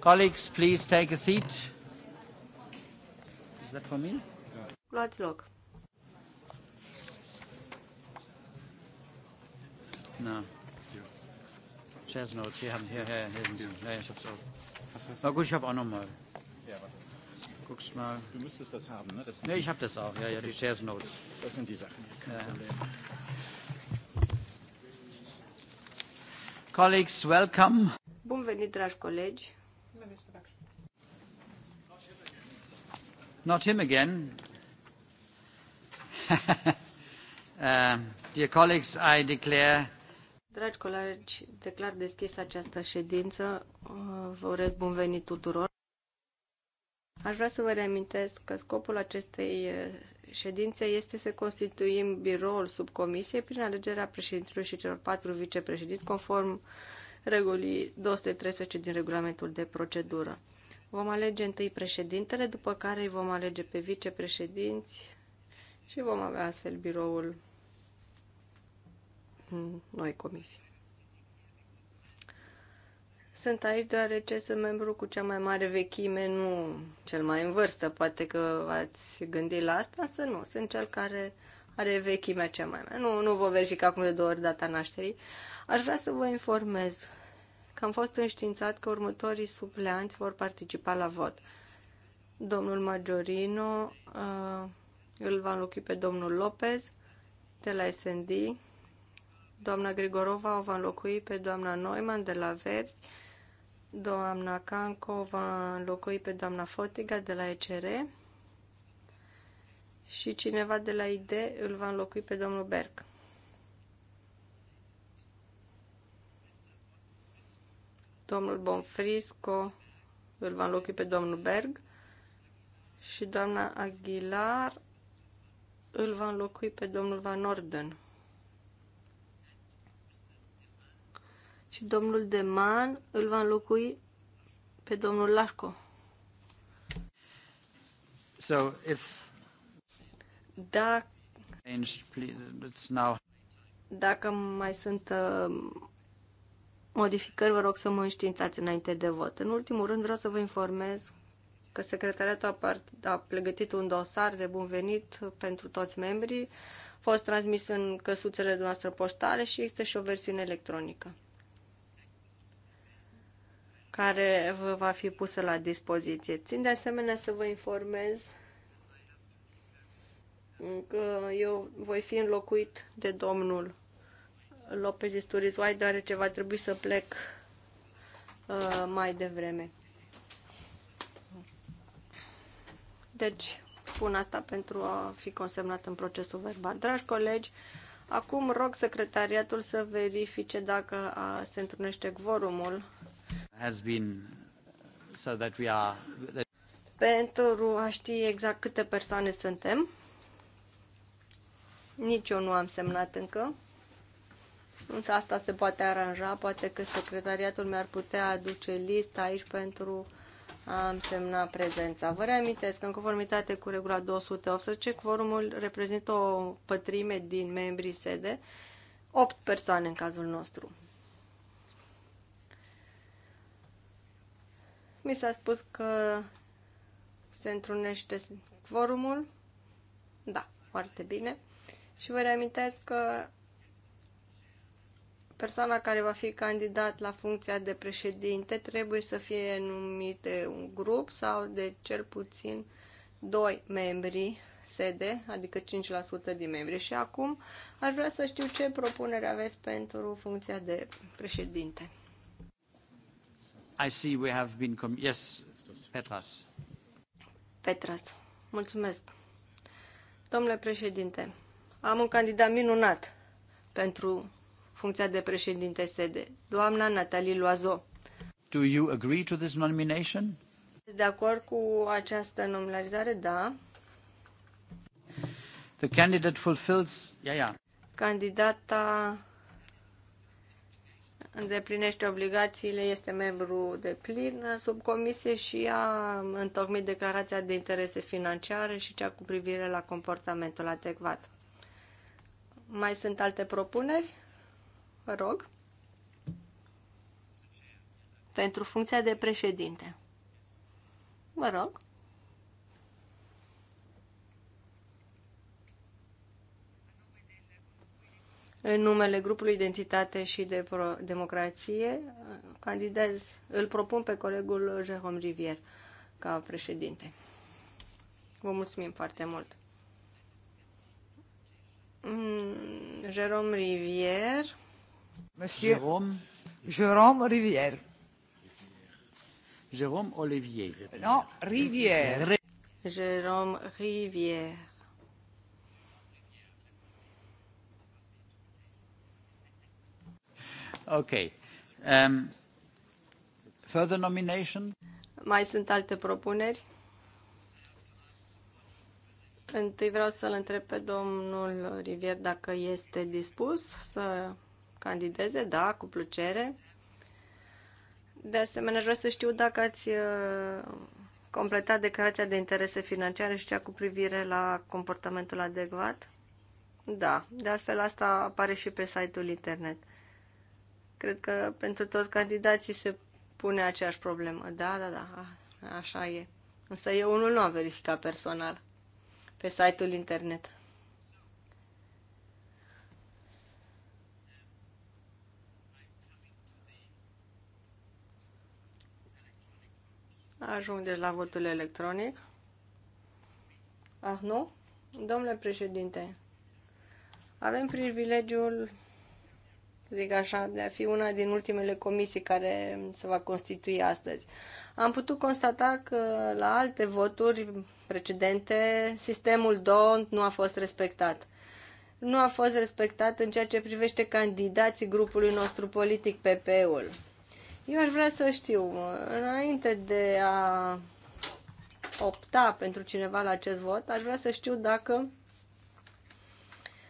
Colleagues, please take a seat. Is that for me? Luați loc. No. Chairs notes, Sie haben hier, hier, hier. Ja, ich hab's auch. Na gut, ich hab auch noch mal. Ja, warte. Guckst mal. Du müsstest das haben, ne? Das ne, ich hab das auch. Ja, ja, die Chairs Notes. Das sind die Sachen. Kein ja. Problem. Colleagues, welcome. Bun venit, dragi colegi. Not him again. uh, dear colleagues, I declare... Dragi colegi, declar deschis această ședință. Uh, vă urez bun venit tuturor. Aș vrea să vă reamintesc că scopul acestei uh, ședințe este să constituim biroul subcomisiei prin alegerea președintelui și celor patru vicepreședinți, conform regulii 213 din regulamentul de procedură. Vom alege întâi președintele, după care îi vom alege pe vicepreședinți și vom avea astfel biroul noi comisii. Sunt aici deoarece sunt membru cu cea mai mare vechime, nu cel mai în vârstă. Poate că ați gândit la asta, să nu. Sunt cel care are vechimea cea mai mare. Nu, nu vă verific acum de două ori data nașterii. Aș vrea să vă informez că am fost înștiințat că următorii supleanți vor participa la vot. Domnul Majorino uh, îl va înlocui pe domnul Lopez de la SND, doamna Grigorova o va înlocui pe doamna Neumann de la Verzi, doamna Canco va înlocui pe doamna Fotiga de la ECR și cineva de la ID îl va înlocui pe domnul Berg. Domnul Bonfrisco îl va înlocui pe domnul Berg și doamna Aguilar îl va înlocui pe domnul Van Orden. Și domnul Deman îl va înlocui pe domnul Lașco. So if Da. Changed, please. It's now. Dacă mai sunt uh, modificări, vă rog să mă înștiințați înainte de vot. În ultimul rând vreau să vă informez că secretariatul a, part- a pregătit un dosar de bun venit pentru toți membrii, a fost transmis în căsuțele noastre poștale și există și o versiune electronică care vă va fi pusă la dispoziție. Țin de asemenea să vă informez că eu voi fi înlocuit de domnul Lopez Isturizoai, deoarece va trebui să plec uh, mai devreme. Deci, spun asta pentru a fi consemnat în procesul verbal. Dragi colegi, acum rog secretariatul să verifice dacă a, se întrunește quorumul. Has been so that we are that... pentru a ști exact câte persoane suntem. Nici eu nu am semnat încă. Însă asta se poate aranja, poate că secretariatul mi-ar putea aduce lista aici pentru a însemna prezența. Vă reamintesc că în conformitate cu regula 218, quorumul reprezintă o pătrime din membrii sede, 8 persoane în cazul nostru. Mi s-a spus că se întrunește quorumul. Da, foarte bine. Și vă reamintesc că persoana care va fi candidat la funcția de președinte trebuie să fie numit de un grup sau de cel puțin doi membri sede, adică 5% din membri. Și acum aș vrea să știu ce propunere aveți pentru funcția de președinte. I see we have been com- yes, Petras. Petras, mulțumesc. Domnule președinte, am un candidat minunat pentru funcția de președinte SD, doamna Natalie Loazo. Do you agree to this nomination? De acord cu această nominalizare? Da. The candidate fulfills... Yeah, yeah. Candidata îndeplinește obligațiile, este membru de plin sub comisie și a întocmit declarația de interese financiare și cea cu privire la comportamentul adecvat. Mai sunt alte propuneri? vă rog, pentru funcția de președinte. Vă rog. În numele grupului Identitate și de Pro Democrație, candidez, îl propun pe colegul Jérôme Rivier ca președinte. Vă mulțumim foarte mult. Mm, Jérôme Rivier Jérôme Rivière. Jérôme Olivier. Non, Rivière. Jérôme Rivière. Ok. Um, further nominations? Mai sunt alte propuneri? Întâi vreau să-l întreb pe domnul Rivier dacă este dispus să candideze, da, cu plăcere. De asemenea, aș vrea să știu dacă ați uh, completat declarația de interese financiare și cea cu privire la comportamentul adecvat. Da, de altfel asta apare și pe site-ul internet. Cred că pentru toți candidații se pune aceeași problemă. Da, da, da, așa e. Însă eu unul nu am verificat personal pe site-ul internet. Ajung deci la votul electronic. Ah, nu? Domnule președinte, avem privilegiul, zic așa, de a fi una din ultimele comisii care se va constitui astăzi. Am putut constata că la alte voturi precedente sistemul DONT nu a fost respectat. Nu a fost respectat în ceea ce privește candidații grupului nostru politic PP-ul. Eu aș vrea să știu, înainte de a opta pentru cineva la acest vot, aș vrea să știu dacă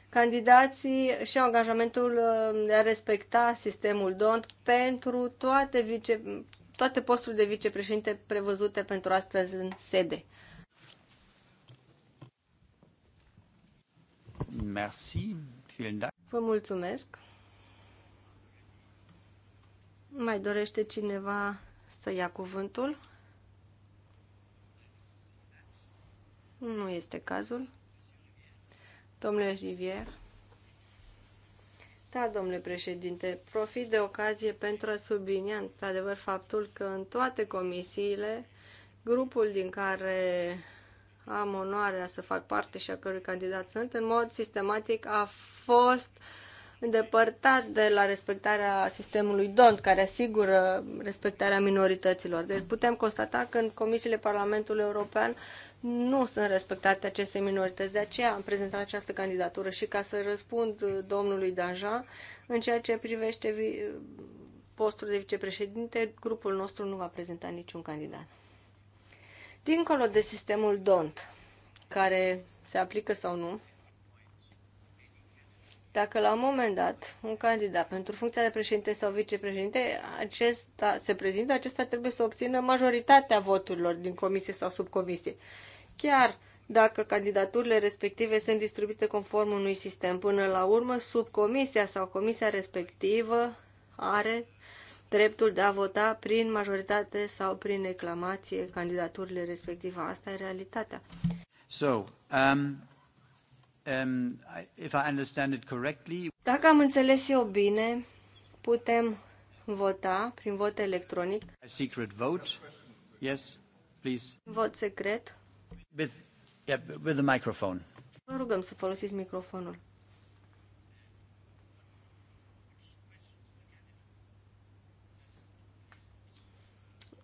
candidații și angajamentul uh, de a respecta sistemul DONT pentru toate, vice, toate posturile de vicepreședinte prevăzute pentru astăzi în sede. Merci. Vă mulțumesc. Mai dorește cineva să ia cuvântul? Nu este cazul. Domnule Rivier. Da, domnule președinte, profit de ocazie pentru a sublinia într-adevăr faptul că în toate comisiile, grupul din care am onoarea să fac parte și a cărui candidat sunt, în mod sistematic a fost uh, îndepărtat de la respectarea sistemului DONT, care asigură respectarea minorităților. Deci putem constata că în comisiile Parlamentului European nu sunt respectate aceste minorități. De aceea am prezentat această candidatură și ca să răspund domnului Danja, în ceea ce privește postul de vicepreședinte, grupul nostru nu va prezenta niciun candidat. Dincolo de sistemul DONT, care se aplică sau nu, dacă la un moment dat un candidat pentru funcția de președinte sau vicepreședinte acesta se prezintă, acesta trebuie să obțină majoritatea voturilor din comisie sau subcomisie. Chiar dacă candidaturile respective sunt distribuite conform unui sistem. Până la urmă, subcomisia sau comisia respectivă are dreptul de a vota prin majoritate sau prin reclamație candidaturile respective. Asta e realitatea. So, um, Um, if I understand it correctly... Dacă am înțeles eu bine, putem vota prin vot electronic. A secret vote. Yes, please. Vot secret. With, yeah, with the microphone. Vă rugăm să folosiți microfonul.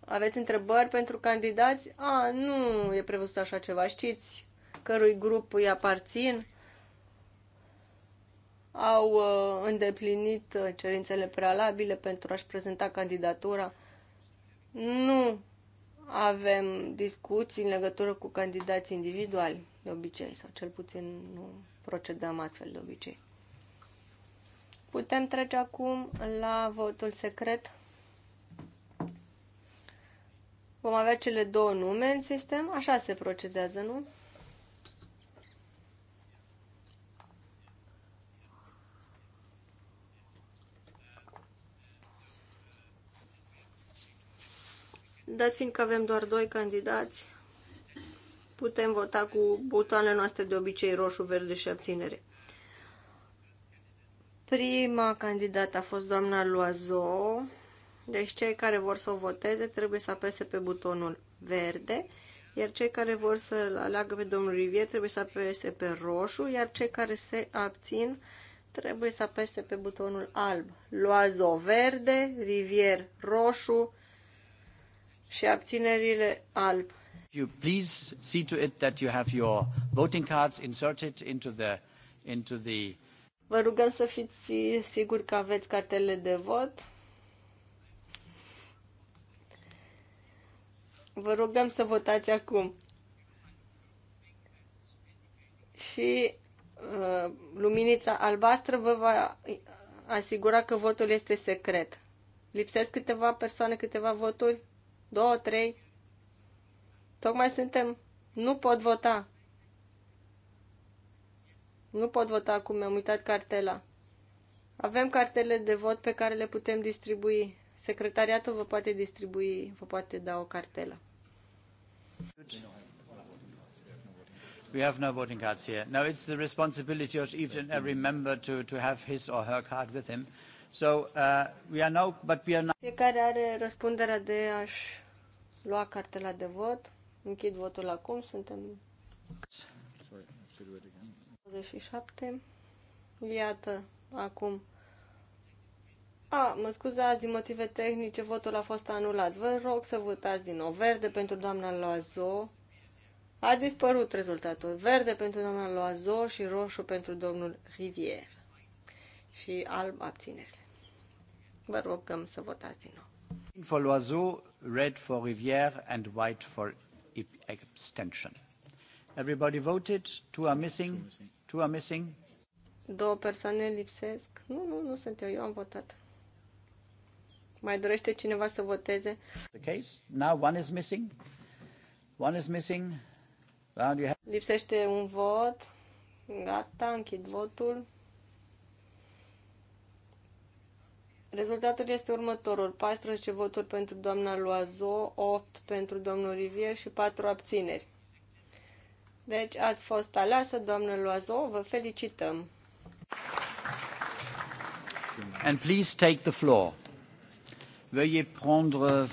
Aveți întrebări pentru candidați? A, nu e prevăzut așa ceva. Știți cărui grup îi aparțin? au uh, îndeplinit uh, cerințele prealabile pentru a-și prezenta candidatura. Nu avem discuții în legătură cu candidații individuali, de obicei, sau cel puțin nu procedăm astfel de obicei. Putem trece acum la votul secret. Vom avea cele două nume în sistem, așa se procedează, nu? Dat fiindcă avem doar doi candidați, putem vota cu butoanele noastre de obicei roșu, verde și abținere. Prima candidată a fost doamna Loazo, deci cei care vor să o voteze trebuie să apese pe butonul verde, iar cei care vor să aleagă pe domnul Rivier trebuie să apese pe roșu, iar cei care se abțin trebuie să apese pe butonul alb. Loazo verde, Rivier roșu, și abținerile alb. You please see to it that you have your voting cards inserted into the into the Vă rugăm să fiți siguri că aveți cartele de vot. Vă rugăm să votați acum. Și uh, luminița albastră vă va asigura că votul este secret. Lipsesc câteva persoane, câteva voturi? două, trei. Tocmai suntem. Nu pot vota. Nu pot vota acum, mi-am uitat cartela. Avem cartele de vot pe care le putem distribui. Secretariatul vă poate distribui, vă poate da o cartelă. We have no voting cards here. Now it's the responsibility of each and every member to, to have his or her card with him. So uh, we are now, but we are now. Fiecare are răspunderea de a-și lua cartela de vot. Închid votul acum. Suntem 27. Iată, acum. A, mă scuzați, din motive tehnice, votul a fost anulat. Vă rog să votați din nou. Verde pentru doamna Loazo. A dispărut rezultatul. Verde pentru doamna Loazo și roșu pentru domnul Rivier. Și alb abținere. Vă rogăm să votați din nou. Green For l'oiseau, red for rivière and white for abstention. Everybody voted? Two are missing? Two are missing? Două persoane lipsesc. Nu, nu, nu sunt eu. Eu am votat. Mai dorește cineva să voteze? The case. Now one is missing. One is missing. Well, you have... Lipsește un vot. Gata, închid votul. Rezultatul este următorul. 14 voturi pentru doamna Loazo, 8 pentru domnul Rivier și 4 abțineri. Deci ați fost aleasă, doamnă Loazo, vă felicităm. And please take the floor. Veuillez prendre...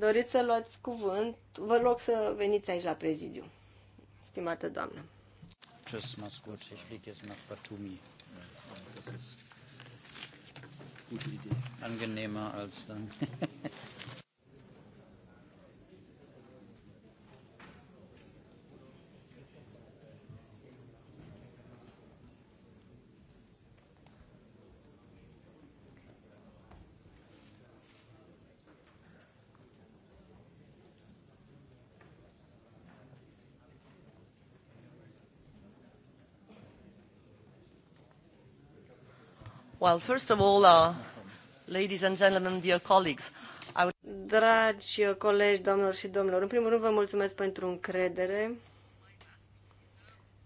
Doriți să luați cuvânt? Vă rog să veniți aici la prezidiu, stimată doamnă. Just must watch, ich fliege jetzt nach Batumi gute Idee. Angenehmer als dann. Well, first of all, uh, ladies and gentlemen, dear colleagues, I would... Dragi colegi, doamnelor și domnilor, în primul rând vă mulțumesc pentru încredere.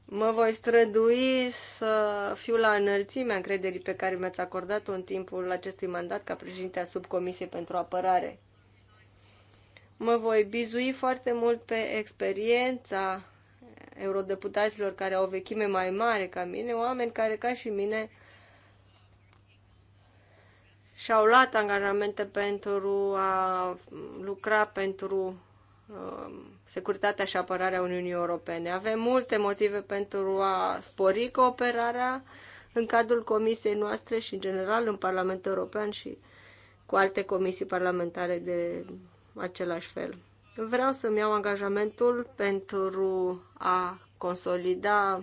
Mă voi strădui să fiu la înălțimea încrederii pe care mi-ați acordat-o în timpul acestui mandat ca președinte a subcomisiei pentru apărare. Mă voi bizui foarte mult pe experiența eurodeputaților care au o vechime mai mare ca mine, oameni care, ca și mine, și-au luat angajamente pentru a lucra pentru um, securitatea și apărarea Uniunii Europene. Avem multe motive pentru a spori cooperarea în cadrul comisiei noastre și, în general, în Parlamentul European și cu alte comisii parlamentare de același fel. Vreau să-mi iau angajamentul pentru a consolida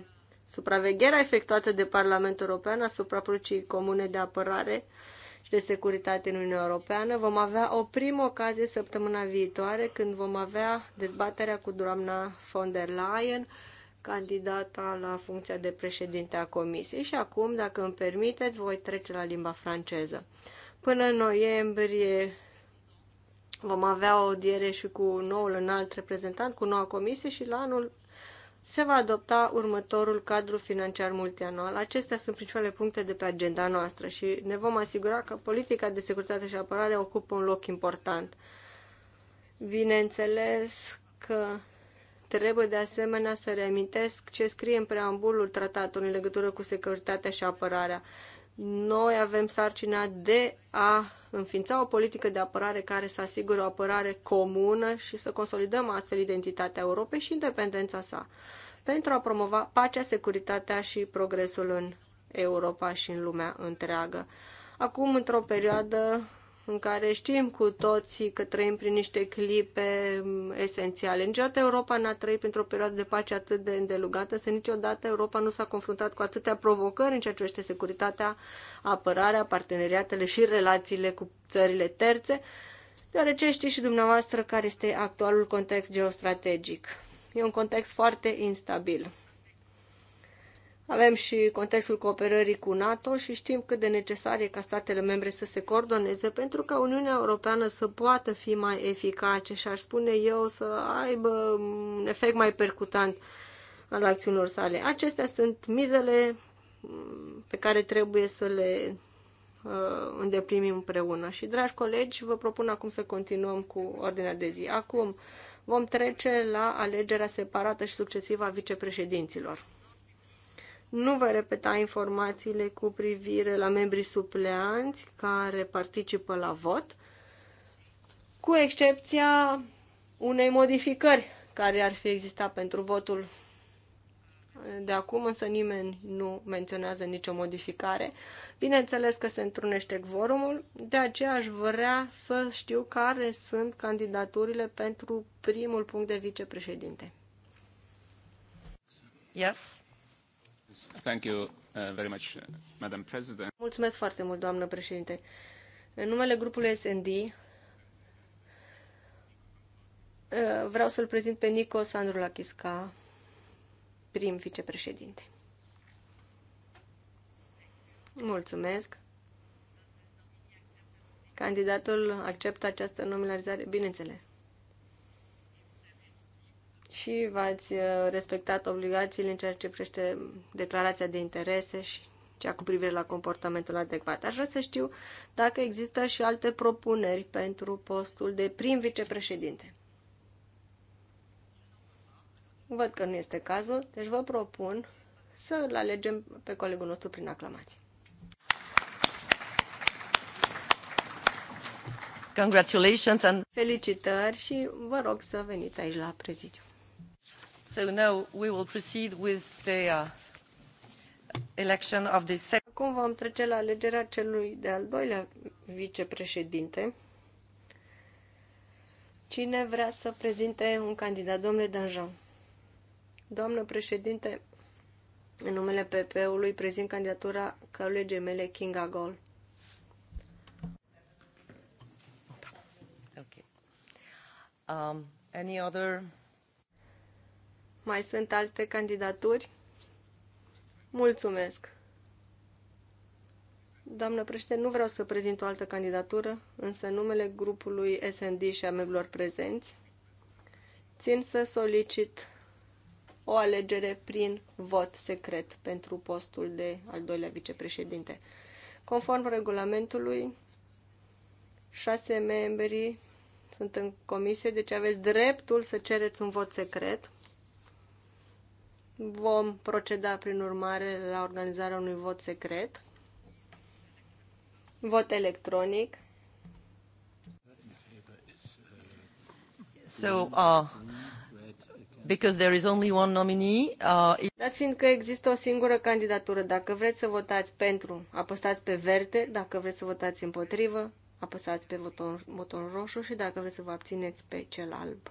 supravegherea efectuată de Parlamentul European asupra Procii comune de apărare, uh, de securitate în Uniunea Europeană. Vom avea o primă ocazie săptămâna viitoare când vom avea dezbaterea cu doamna von der Leyen, candidata la funcția de președinte a Comisiei. Și acum, dacă îmi permiteți, voi trece la limba franceză. Până în noiembrie vom avea o audiere și cu noul înalt reprezentant, cu noua comisie și la anul se va adopta următorul cadru financiar multianual. Acestea sunt principalele puncte de pe agenda noastră și ne vom asigura că politica de securitate și apărare ocupă un loc important. Bineînțeles că trebuie de asemenea să reamintesc ce scrie în preambulul tratatului în legătură cu securitatea și apărarea. Noi avem sarcina de a înființa o politică de apărare care să asigure o apărare comună și să consolidăm astfel identitatea Europei și independența sa, pentru a promova pacea, securitatea și progresul în Europa și în lumea întreagă. Acum, într-o perioadă în care știm cu toții că trăim prin niște clipe mm, esențiale. Niciodată Europa n-a trăit printr-o perioadă de pace atât de îndelugată, să niciodată Europa nu s-a confruntat cu atâtea provocări în ceea ce privește securitatea, apărarea, parteneriatele și relațiile cu țările terțe, deoarece știți și dumneavoastră care este actualul context geostrategic. E un context foarte instabil avem și contextul cooperării cu NATO și știm cât de necesar e ca statele membre să se coordoneze pentru ca Uniunea Europeană să poată fi mai eficace și aș spune eu să aibă un efect mai percutant al acțiunilor sale. Acestea sunt mizele mm, pe care trebuie să le uh, îndeplinim împreună. Și, dragi colegi, vă propun acum să continuăm cu ordinea de zi. Acum vom trece la alegerea separată și succesivă a vicepreședinților. Nu voi repeta informațiile cu privire la membrii supleanți care participă la vot, cu excepția unei modificări care ar fi existat pentru votul de acum, însă nimeni nu menționează nicio modificare. Bineînțeles că se întrunește vorumul, de aceea aș vrea să știu care sunt candidaturile pentru primul punct de vicepreședinte. Yes. Thank you uh, very much, uh, Madam President. Mulțumesc foarte mult, doamnă președinte. În numele grupului SND, uh, vreau să-l prezint pe Nikos Andrulakis ca prim vicepreședinte. Mulțumesc. Candidatul acceptă această nominalizare, bineînțeles și v-ați uh, respectat obligațiile în ceea ce privește declarația de interese și cea cu privire la comportamentul adecvat. Aș vrea să știu dacă există și alte propuneri pentru postul de prim vicepreședinte. Văd că nu este cazul, deci vă propun să îl alegem pe colegul nostru prin aclamație. Congratulations and... Felicitări și vă rog să veniți aici la prezidiu. So now we will proceed with the uh, election of the second. Acum vom trece la alegerea celui de-al doilea vicepreședinte. Cine vrea să prezinte un candidat? Domnule Danjean. Doamnă președinte, în numele PP-ului prezint candidatura colegii mele Kinga Gol. Okay. Um, any other mai sunt alte candidaturi? Mulțumesc! Doamnă președinte, nu vreau să prezint o altă candidatură, însă numele grupului SND și a membrilor prezenți țin să solicit o alegere prin vot secret pentru postul de al doilea vicepreședinte. Conform regulamentului, șase membri sunt în comisie, deci aveți dreptul să cereți un vot secret Vom proceda, prin urmare, la organizarea unui vot secret. Vot electronic. So, uh, because there is only one nominee. Uh, it... Dat fiindcă există o singură candidatură, dacă vreți să votați pentru, apăsați pe verde, dacă vreți să votați împotrivă, apăsați pe buton, buton roșu și dacă vreți să vă abțineți pe cel alb.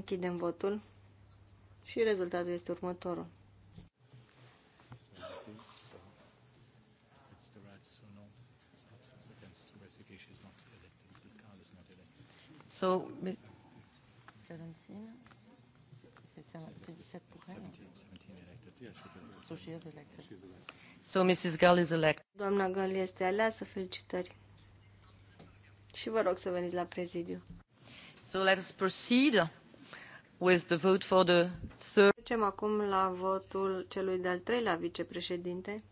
Închidem votul și rezultatul este următorul. So, 17, So So Mrs. Gall is elected. Doamna Gall este aleasă, felicitări. Și vă rog să veniți la prezidiu. So let us proceed with the vote for the third. Trecem acum la votul celui de-al treilea vicepreședinte.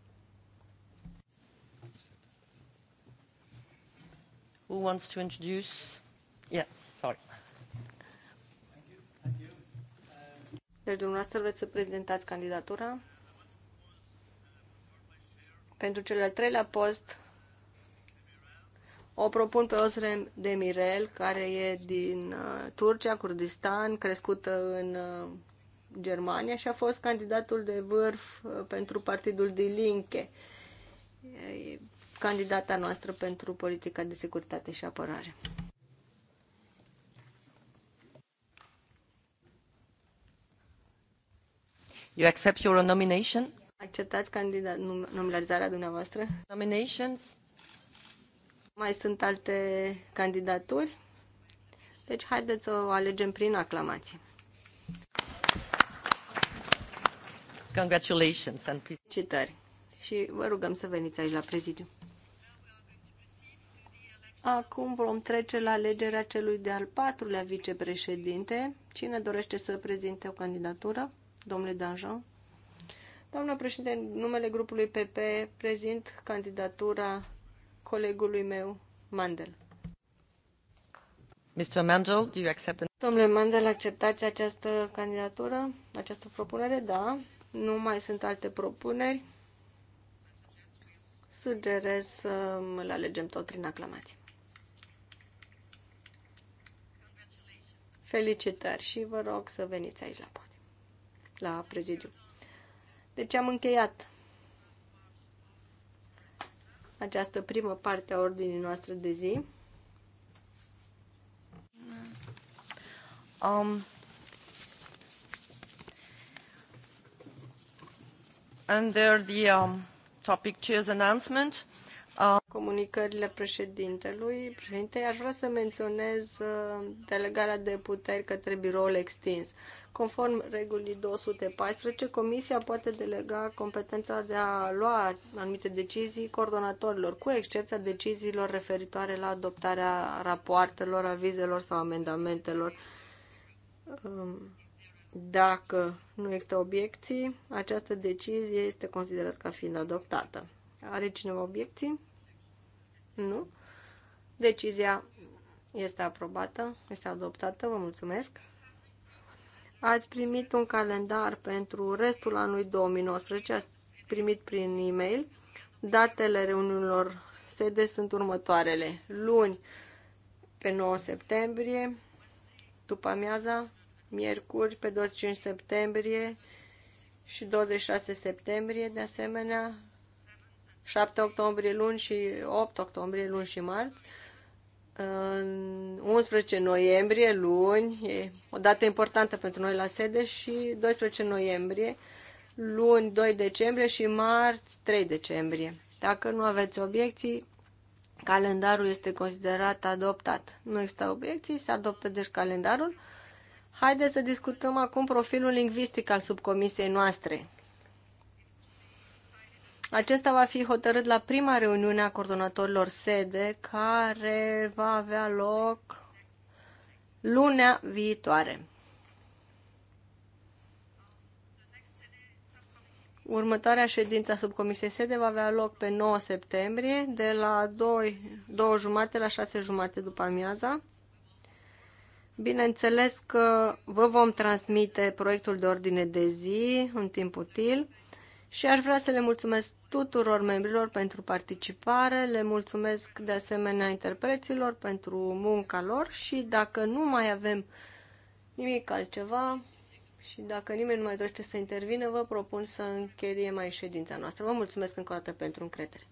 Who wants to introduce? Yeah, sorry. Deci dumneavoastră vreți să prezentați candidatura? Pentru cel al treilea post o propun pe Osrem Demirel, care e din uh, Turcia, Kurdistan, crescută în uh, Germania și a fost candidatul de vârf uh, pentru partidul de Linke, candidata noastră pentru politica de securitate și apărare. You accept your nomination? Acceptați candidat, nominalizarea dumneavoastră? Nominations? Mai sunt alte candidaturi? Deci haideți să o alegem prin aclamație. Congratulations and please... Citări. Și vă rugăm să veniți aici la prezidiu. Acum vom trece la alegerea celui de-al patrulea vicepreședinte. Cine dorește să prezinte o candidatură? Domnule Danjean. Doamna președinte, numele grupului PP prezint candidatura colegului meu, Mandel. Mr. Mandel, do you accept the... Domnule Mandel, acceptați această candidatură, această propunere? Da. Nu mai sunt alte propuneri. Sugerez să îl alegem tot prin aclamație. Felicitări și vă rog să veniți aici la podium, la prezidiu. Deci am încheiat această primă parte a ordinii noastre de zi. Um, under the um, topic chair's announcement, comunicările președintelui. Președinte, aș vrea să menționez uh, delegarea de puteri către biroul extins. Conform regulii 214, Comisia poate delega competența de a lua anumite decizii coordonatorilor, cu excepția deciziilor referitoare la adoptarea rapoartelor, avizelor sau amendamentelor. Um, dacă nu există obiecții, această decizie este considerată ca fiind adoptată. Are cineva obiecții? Nu. Decizia este aprobată, este adoptată. Vă mulțumesc. Ați primit un calendar pentru restul anului 2019, ați primit prin e-mail. Datele reuniunilor sede sunt următoarele. Luni, pe 9 septembrie, după amiaza, miercuri, pe 25 septembrie și 26 septembrie, de asemenea, 7 octombrie luni și 8 octombrie luni și marți. În 11 noiembrie luni, e o dată importantă pentru noi la sede și 12 noiembrie, luni 2 decembrie și marți 3 decembrie. Dacă nu aveți obiecții, calendarul este considerat adoptat. Nu există obiecții, se adoptă deci calendarul. Haideți să discutăm acum profilul lingvistic al subcomisiei noastre. Acesta va fi hotărât la prima reuniune a coordonatorilor sede, care va avea loc lunea viitoare. Următoarea ședință a subcomisiei sede va avea loc pe 9 septembrie, de la 2, 2 jumate la 6 jumate după amiaza. Bineînțeles că vă vom transmite proiectul de ordine de zi în timp util și aș vrea să le mulțumesc tuturor membrilor pentru participare, le mulțumesc de asemenea interpreților pentru munca lor și dacă nu mai avem nimic altceva și dacă nimeni nu mai dorește să intervină, vă propun să încheiem mai ședința noastră. Vă mulțumesc încă o dată pentru încredere.